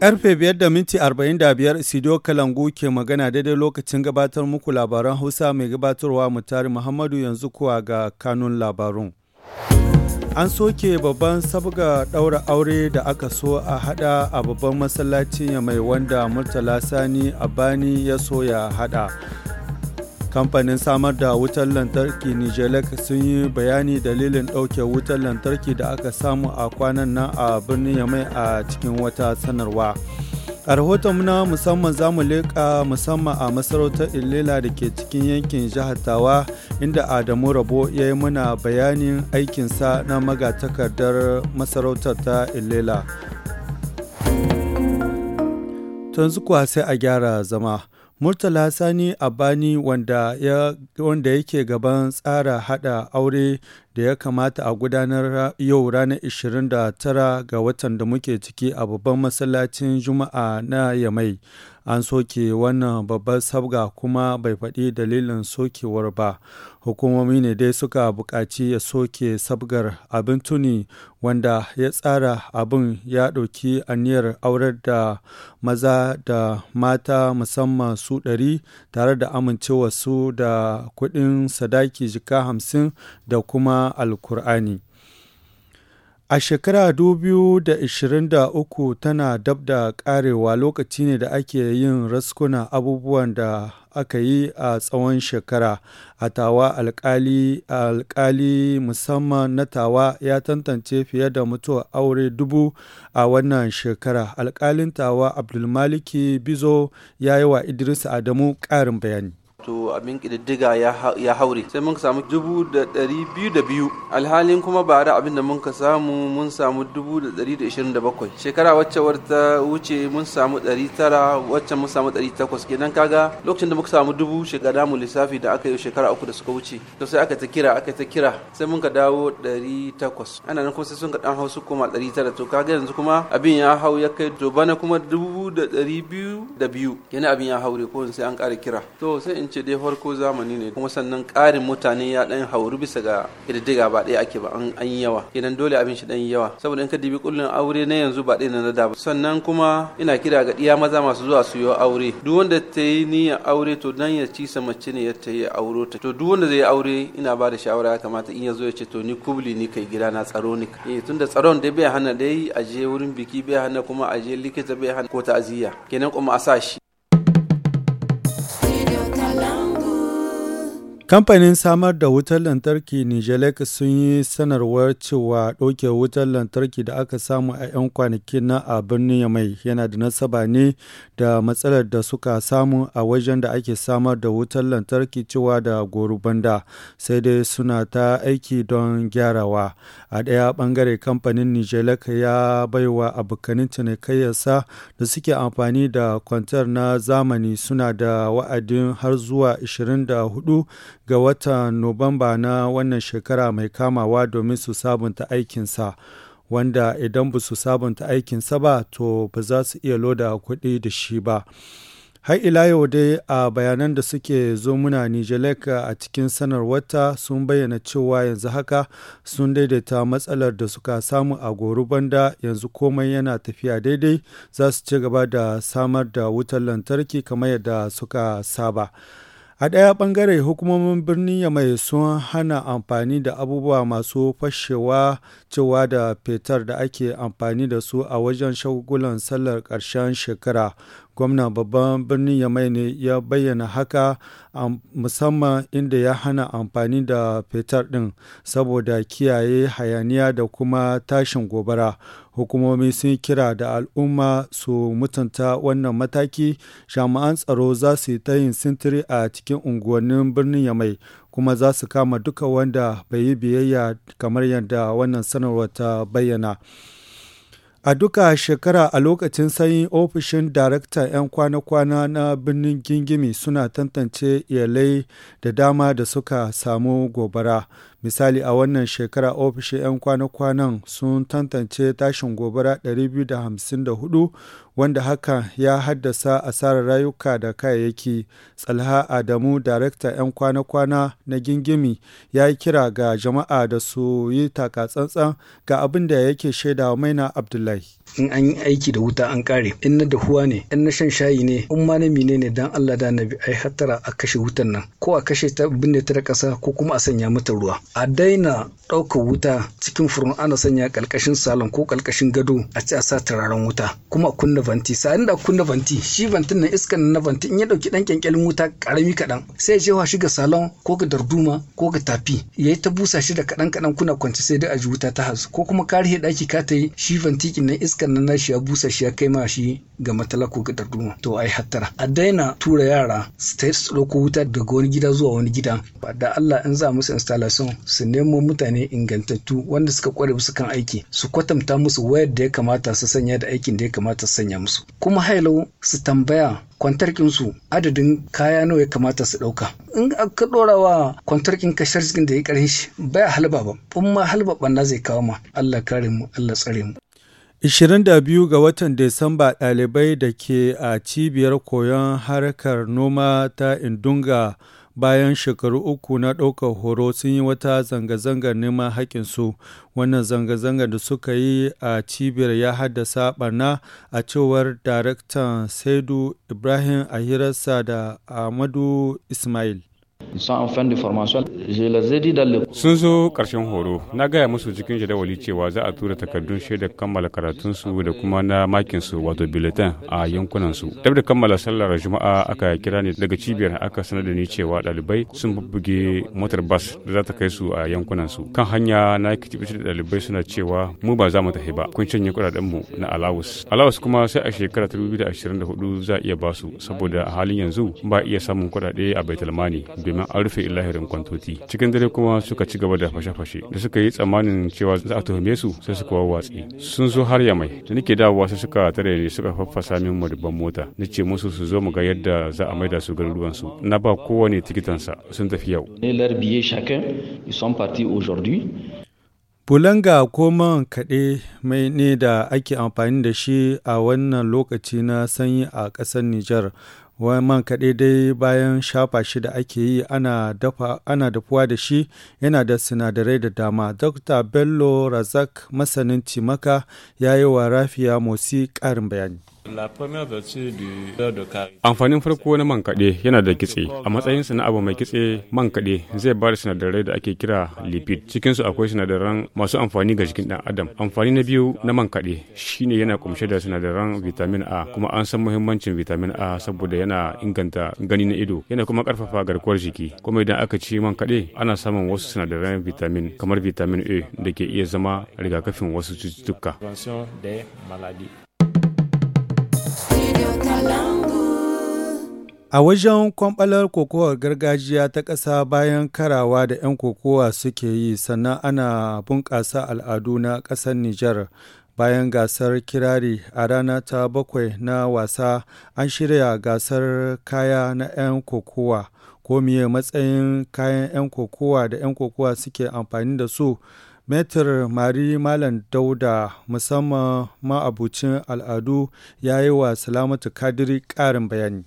Karfe biyar da minti arba'in da biyar Sido Kalangu ke magana daidai lokacin gabatar muku labaran Hausa mai gabatarwa mutari Muhammadu yanzu kuwa ga kanun labarun. An soke babban sabga ɗaura aure da aka so a hada a babban masallacin ya mai wanda Murtala Sani a bani ya so ya hada. kamfanin samar da wutar lantarki nijelek sun yi bayani dalilin ɗauke wutar lantarki da aka samu a kwanan nan a birnin yamai a cikin wata sanarwa a rahoton na musamman za mu leƙa musamman a masarautar ilela da ke cikin yankin jihar tawa inda adamu rabo ya yi muna bayanin aikinsa na magatakardar masarautar ta ilila tun zuwa sai a gyara zama Murtala Sani Abani wanda yake gaban tsara hada aure da ya kamata a gudanar yau ranar 29 ga watan da muke ciki a babban masallacin juma'a na yamai an soke wannan babbar sabga kuma bai faɗi dalilin sokewar ba hukumomi ne dai suka buƙaci ya soke sabgar abin tuni wanda ya tsara abin ya ɗauki aniyar aurar da maza da mata musamman su ɗari tare da amincewa su da kuɗin sadaki jika hamsin da kuma alkur'ani a shekara 2023 tana dab da karewa lokaci ne da ake yin raskuna abubuwan da aka yi a tsawon shekara a tawa alkali musamman na tawa ya tantance fiye da mutuwar aure dubu a wannan shekara alkalin tawa abdulmaliki bizo ya yi wa idris adamu ƙarin bayani to abin ƙididdiga ya haure sai mun samu dubu da ɗari biyu da biyu alhalin kuma da abin da mun ka samu mun samu dubu da ɗari da ishirin da bakwai shekara wacce ta wuce mun samu ɗari tara wacce mun samu ɗari takwas kenan kaga lokacin da muka samu dubu shekara mu lissafi da aka yi shekara uku da suka wuce to sai aka ta kira aka ta kira sai mun ka dawo ɗari takwas ana nan kuma sai sun ka ɗan hausu kuma ɗari tara to kaga yanzu kuma abin ya hau ya kai to bana kuma dubu da ɗari biyu da biyu kenan abin ya haure ko sai an ƙara kira to sai in ce dai farko zamani ne kuma sannan ƙarin mutane ya ɗan hauri bisa ga ƙididdiga ba ɗaya ake ba an yi yawa idan dole abin shi ɗan yawa saboda in ka dibi kullun aure na yanzu ba ɗaya na da ba sannan kuma ina kira ga iya maza masu zuwa su yi aure duk wanda ta yi niyya aure to dan ya ci sa mace ne ya ta yi auro ta to duk wanda zai yi aure ina ba da shawara ya kamata in ya zo ya ce to ni kubli ni kai gida na tsaro ni eh tunda tsaron dai bai hana dai a je wurin biki bai hana kuma a likita bai hana ko ta'aziyya kenan kuma a sa shi Kamfanin samar da wutar lantarki Nijelek sun yi sanarwar cewa ɗauke wutar lantarki da aka samu a 'yan kwanaki na a birnin Yamai yana da nasaba ne da matsalar da suka samu a wajen da ake samar da wutar lantarki cewa da gorubanda sai dai suna ta aiki don gyarawa. A ɗaya ɓangare kamfanin Nijelek ya baiwa abokanin cinikayyarsa da suke amfani da kwantar na zamani suna da wa'adin har zuwa 24 ga watan nobamba na wannan shekara mai kamawa domin su sabunta aikinsa. Wanda idan ba su sabunta aikinsa ba to ba za su iya loda kuɗi da shi ba. har ila yau dai a bayanan da suke zo muna nijaleka a cikin sanar wata sun bayyana cewa yanzu haka sun daidaita matsalar da suka samu a goro banda yanzu komai yana tafiya daidai za su ci gaba da samar da wutar lantarki kamar yadda suka saba. A ɗaya ɓangare hukumomin birnin Yamai sun hana amfani da abubuwa masu fashewa cewa da fetar da ake amfani da su a wajen shagulan sallar ƙarshen shekara. gwamna babban birnin yamai ne ya bayyana haka musamman inda ya hana amfani da fetur din saboda kiyaye hayaniya da kuma tashin gobara hukumomi sun kira da al'umma su mutunta wannan mataki jami'an tsaro za su yi tayin sintiri a cikin unguwannin birnin yamai kuma za su kama duka wanda bai yi biyayya kamar yadda wannan sanarwa ta bayyana. A duka shekara a lokacin sanyi ofishin darakta 'yan kwana-kwana na birnin Gingimi suna tantance iyalai da dama da suka samu gobara. Misali a wannan shekara ofishin 'yan kwana-kwanan sun tantance tashin gobara 254 wanda haka ya haddasa asarar rayuka da kayayyaki. Tsalha Adamu, darakta 'yan kwana-kwana na gingimi, ya yi kira ga jama'a da su yi takatsantsan ga abin da yake shaida maina Abdullahi. in an yi aiki da wuta an kare in na dahuwa ne in na shan shayi ne in ma na mine ne dan Allah da nabi ai hattara a kashe wutan nan ko a kashe ta binne ta da kasa ko kuma a sanya mata ruwa a daina ɗaukar wuta cikin furin ana sanya ƙalƙashin salon ko ƙalƙashin gado a ci a sa turaren wuta kuma a kunna vanti sa'in da kunna vanti shi vantin nan iskan na vanti in ya ɗauki ɗan ƙyanƙyalin wuta ƙarami kaɗan sai ya wa shi ga salon ko ga darduma ko ga tafi ya yi ta busa shi da kaɗan kaɗan kuna kwance sai dai a ji wuta ta hasu ko kuma karihe ɗaki ka ta yi shi ƙin nan iskan nan nashi ya busa shi ya kai ma shi ga matala ko ga darduma to ai hattara a daina tura yara su ta ɗauko wuta daga wani gida zuwa wani gida da Allah in za musu installation su nemo mutane ingantattu wanda suka kware su kan aiki su kwatanta musu wayar da ya kamata su sanya da aikin da ya kamata su sanya musu kuma hailo su tambaya kwantarkinsu adadin kaya nawa ya kamata su ɗauka in aka dora wa kwantarkin kashar sharjin da ya karin shi baya halba ba kun ma halba zai kawo ma Allah kare mu Allah tsare mu 22 ga watan Disamba ɗalibai da ke a cibiyar koyon harkar noma ta Indunga bayan shekaru uku na ɗaukar horo sun yi wata zanga-zangar neman haƙƙinsu wannan zanga-zangar da suka yi a cibiyar ya haddasa barna a cewar daraktan saidu ibrahim a hirarsa da ahmadu ismail Sun zo ƙarshen horo, na gaya musu cikin jadawali cewa za a tura takardun shaidar kammala karatunsu da kuma na su wato bulletin a yankunansu. Dab da kammala sallar Juma'a aka kira ne daga cibiyar aka sanar da ni cewa ɗalibai sun bubbuge motar bas da za ta kai su a yankunansu. Kan hanya na kitibici da ɗalibai suna cewa mu ba za mu tafi ba, kun cinye kuɗaɗenmu na alawus. Alawus kuma sai a shekara 2024 za a iya basu saboda a halin yanzu ba iya samun kuɗaɗe a Baitulmani. domin an rufe lahirin kwantoti cikin dare kuma suka ci gaba da fashe-fashe da suka yi tsammanin cewa za a tuhume su sai suka watsi sun zo har yamai da nake dawowa sai suka tare ne suka faffasa min madubban mota na ce musu su zo mu ga yadda za a maida su garuruwan su na ba kowane tikitansa sun tafi yau ne Bulanga ko man kaɗe mai ne da ake amfani da shi a wannan lokaci na sanyi a ƙasar Nijar wai man kaɗai dai bayan shafa shi da ake yi ana dafuwa da shi yana da sinadarai da dama dr bello razak masanin cimaka ya yi wa rafiya motsi ƙarin bayani Amfanin farko na man kaɗe yana da kitse. A matsayinsa na abu mai kitse man kaɗe zai ba da sinadarai da ake kira lipid. Cikinsu akwai sinadaran masu amfani ga jikin ɗan adam. Amfani na biyu na man kaɗe shine yana kumshe da sinadaran vitamin A kuma an san muhimmancin vitamin A saboda yana inganta gani na ido yana kuma karfafa garkuwar jiki. Kuma idan aka ci man kaɗe ana samun wasu sinadaran vitamin kamar vitamin A da ke iya zama rigakafin wasu cututtuka. A wajen kwamɓalar kokowar gargajiya ta ƙasa bayan karawa da 'yan kokowa suke yi sannan ana bunƙasa al'adu na ƙasar Nijar. Bayan gasar kirari a rana ta bakwai na wasa an shirya gasar kaya na 'yan kokowa ko miye matsayin kayan 'yan kokowa da 'yan kokowa suke amfani da su. Metir Mari Malam Dauda musamman ma'abucin al'adu ya yi wa Salamatu Kadiri ƙarin bayani.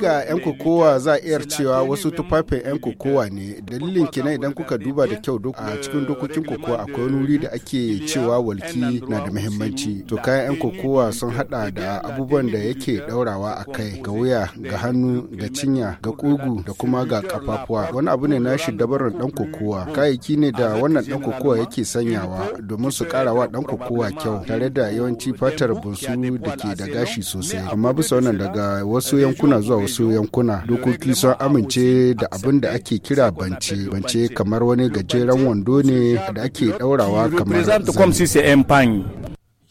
ga 'yan kokowa za a iyar cewa wasu tufafin 'yan kokowa ne dalilin kenan idan kuka duba da kyau a cikin dokokin kokowa akwai wuri da ake cewa walki na da muhimmanci. To kayan 'yan kokowa sun hada da abubuwan da yake daurawa a kai ga wuya ga hannu ga cinya ga kugu da kuma ga kafafuwa wani abu ne na shi dabarar dan kokowa kayayyaki ne da wannan dan kokowa yake sanyawa domin su kara wa dan kokowa kyau tare da yawanci fatar bunsu da ke da gashi sosai amma bisa wannan da daga wasu yankuna zuwa wasu yankuna dokoki sun amince da abin da ake kira bance bance kamar wani gajeren wando ne da ake daurawa kamar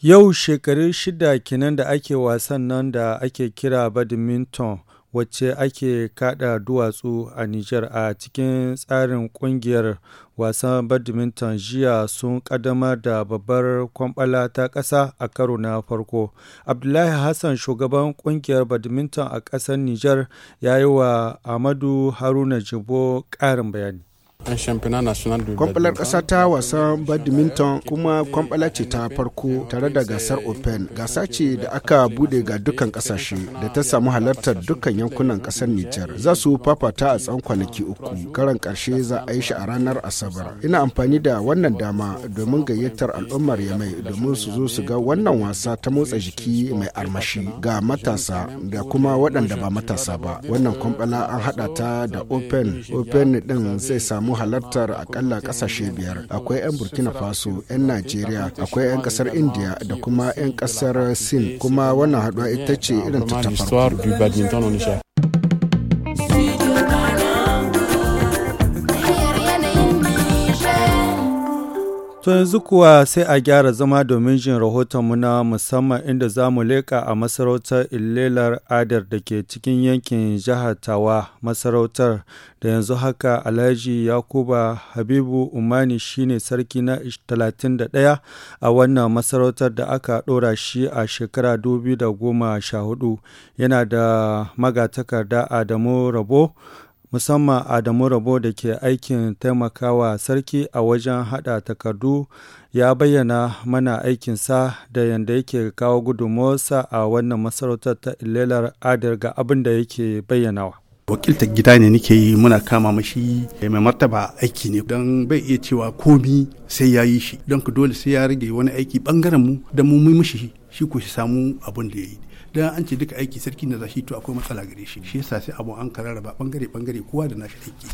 Yau shekaru shida kenan da ake wasan nan da ake kira badminton wacce ake kada duwatsu a Nijar a cikin tsarin kungiyar wasan badminton jiya sun ƙaddamar da babbar kwambala ta ƙasa a karo na farko. Abdullahi Hassan shugaban kungiyar badminton a ƙasar Nijar ya yi wa Amadu Haruna Jibo ƙarin bayani. Kwamfalar kasa ta wasan badminton kuma kwamfala ce ta farko tare da gasar Open. Gasa ce da aka bude ga dukkan kasashe da ta samu halartar dukkan yankunan kasar Nijar. Za su fafata a tsawon kwanaki uku. Karan karshe za a yi shi a ranar Asabar. Ina amfani da wannan dama domin gayyatar al'ummar Yamai domin su zo su ga wannan wasa ta motsa jiki mai armashi ga matasa da kuma waɗanda ba matasa ba. Wannan kwamfala an haɗa ta da Open. Open din zai samu samu halartar akalla kasashe biyar akwai 'yan burkina faso 'yan najeriya akwai 'yan kasar india da kuma 'yan kasar sin kuma wannan haduwa ita ce irin ta farko To yanzu kuwa sai a gyara zama domin jin rahotonmu na musamman inda za mu leƙa a masarautar illelar Adar da ke cikin yankin jihar Tawa masarautar da yanzu haka Alhaji Yakuba Habibu Umani shine sarki na 31 a wannan masarautar da aka ɗora shi a shekara 2014 yana da magatakarda Adamu Rabo musamman Adamu Rabo da ke aikin taimakawa sarki a wajen haɗa takardu ya bayyana mana aikinsa da yadda yake kawo gudunmawarsa a wannan masarautar ta ilelar adar ga abin da yake bayyanawa. wakiltar gida ne nike yi muna kama mashi eh, mai martaba aiki ne don bai iya cewa komi sai ya yi shi don ku dole sai ya rage wani aiki bangaren mu da mu mashi shi ko shi samu abin da ya yi da an ce duka aiki sarki na zashi to akwai matsala gare shi shi yasa sai abu an kararraba bangare bangare kowa da nashi aiki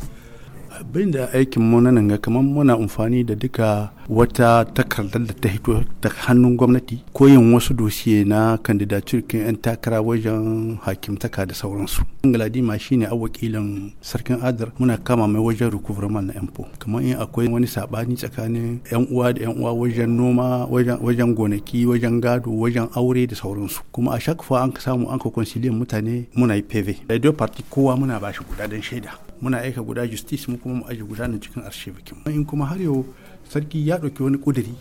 abin da aikin mu na nan kamar muna amfani da duka wata takardar da ta hito ta hannun gwamnati ko yin wasu dosiye na kan 'yan takara wajen hakimtaka da sauransu galadima shine awakilin sarkin adar muna kama mai wajen recouvrement na empo kamar in akwai wani sabani tsakanin 'yan uwa da 'yan uwa wajen noma wajen gonaki wajen gado wajen aure da sauransu kuma a shakfa an samu an ka mutane muna yi pv da party kowa muna bashi kudaden shaida muna aika guda justice mu kuma mu aji guda nan cikin arshebikin in kuma har yau sarki ya ɗauki wani ƙuduri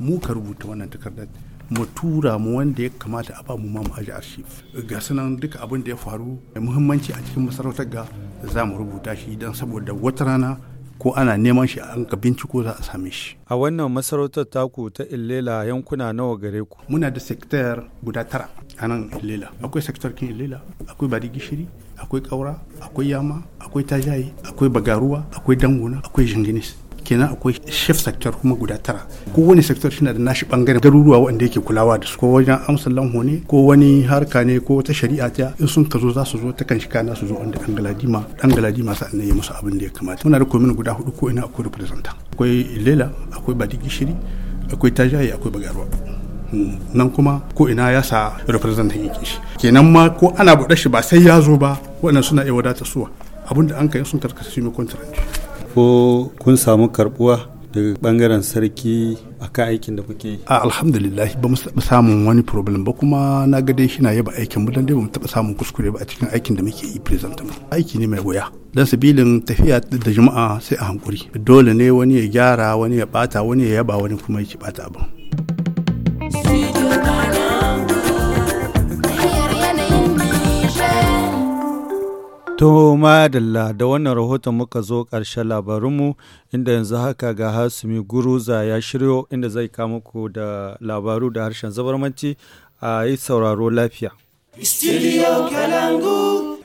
mu ka rubuta wannan takardar mu tura mu wanda ya kamata a ba mu ma mu aji arshif ga sanan duka abin da ya faru muhimmanci a cikin masarautar ga za mu rubuta shi don saboda wata rana ko ana neman shi an ka binciko za a same shi. A wannan masarautar taku ta Illela yankuna nawa gare ku? Muna da sektar guda tara a nan Illela. Akwai sektar kin Illela, akwai bari Gishiri, akwai Kaura, akwai Yama, akwai Tajayi, akwai Bagaruwa, akwai Dangona, akwai Jinginis. kenan akwai chef sector kuma guda tara ko kowane sector shi da nashi bangaren garuruwa wanda yake kulawa da su ko wajen amsa lamho ne ko wani harka ne ko wata shari'a ta in sun ka zo za su zo ta kan shi na su zo wanda dan galadima dan galadima sa ya musu abin da ya kamata muna da komin guda hudu ko ina akwai representa akwai lela akwai badi gishiri akwai tajaye akwai bagarwa hmm. nan kuma ko ina ya sa representa yake shi kenan ma ko ana buɗe shi ba sai ya zo ba wannan suna iya wadata suwa abinda an kai sun karkasa shi mai kontrakt ko kun samu karbuwa daga bangaren sarki a ka aikin da kuke yi alhamdulillah ba mu taɓa samun wani problem ba kuma na ga dai shina yaba aikin mu dan dai ba mu taɓa samun kuskure ba a cikin aikin da muke yi present mu aiki ne mai wuya dan sabilin tafiya da jama'a sai a hankuri dole ne wani ya gyara wani ya bata wani ya yaba wani kuma ya ci bata abin To madalla da wannan rahoton muka zo ƙarshen labarunmu inda yanzu haka ga Hasumi Guruza ya shiryo inda zai kama ku da labaru da harshen zabarmanci a yi sauraro lafiya. Studio Kalangu.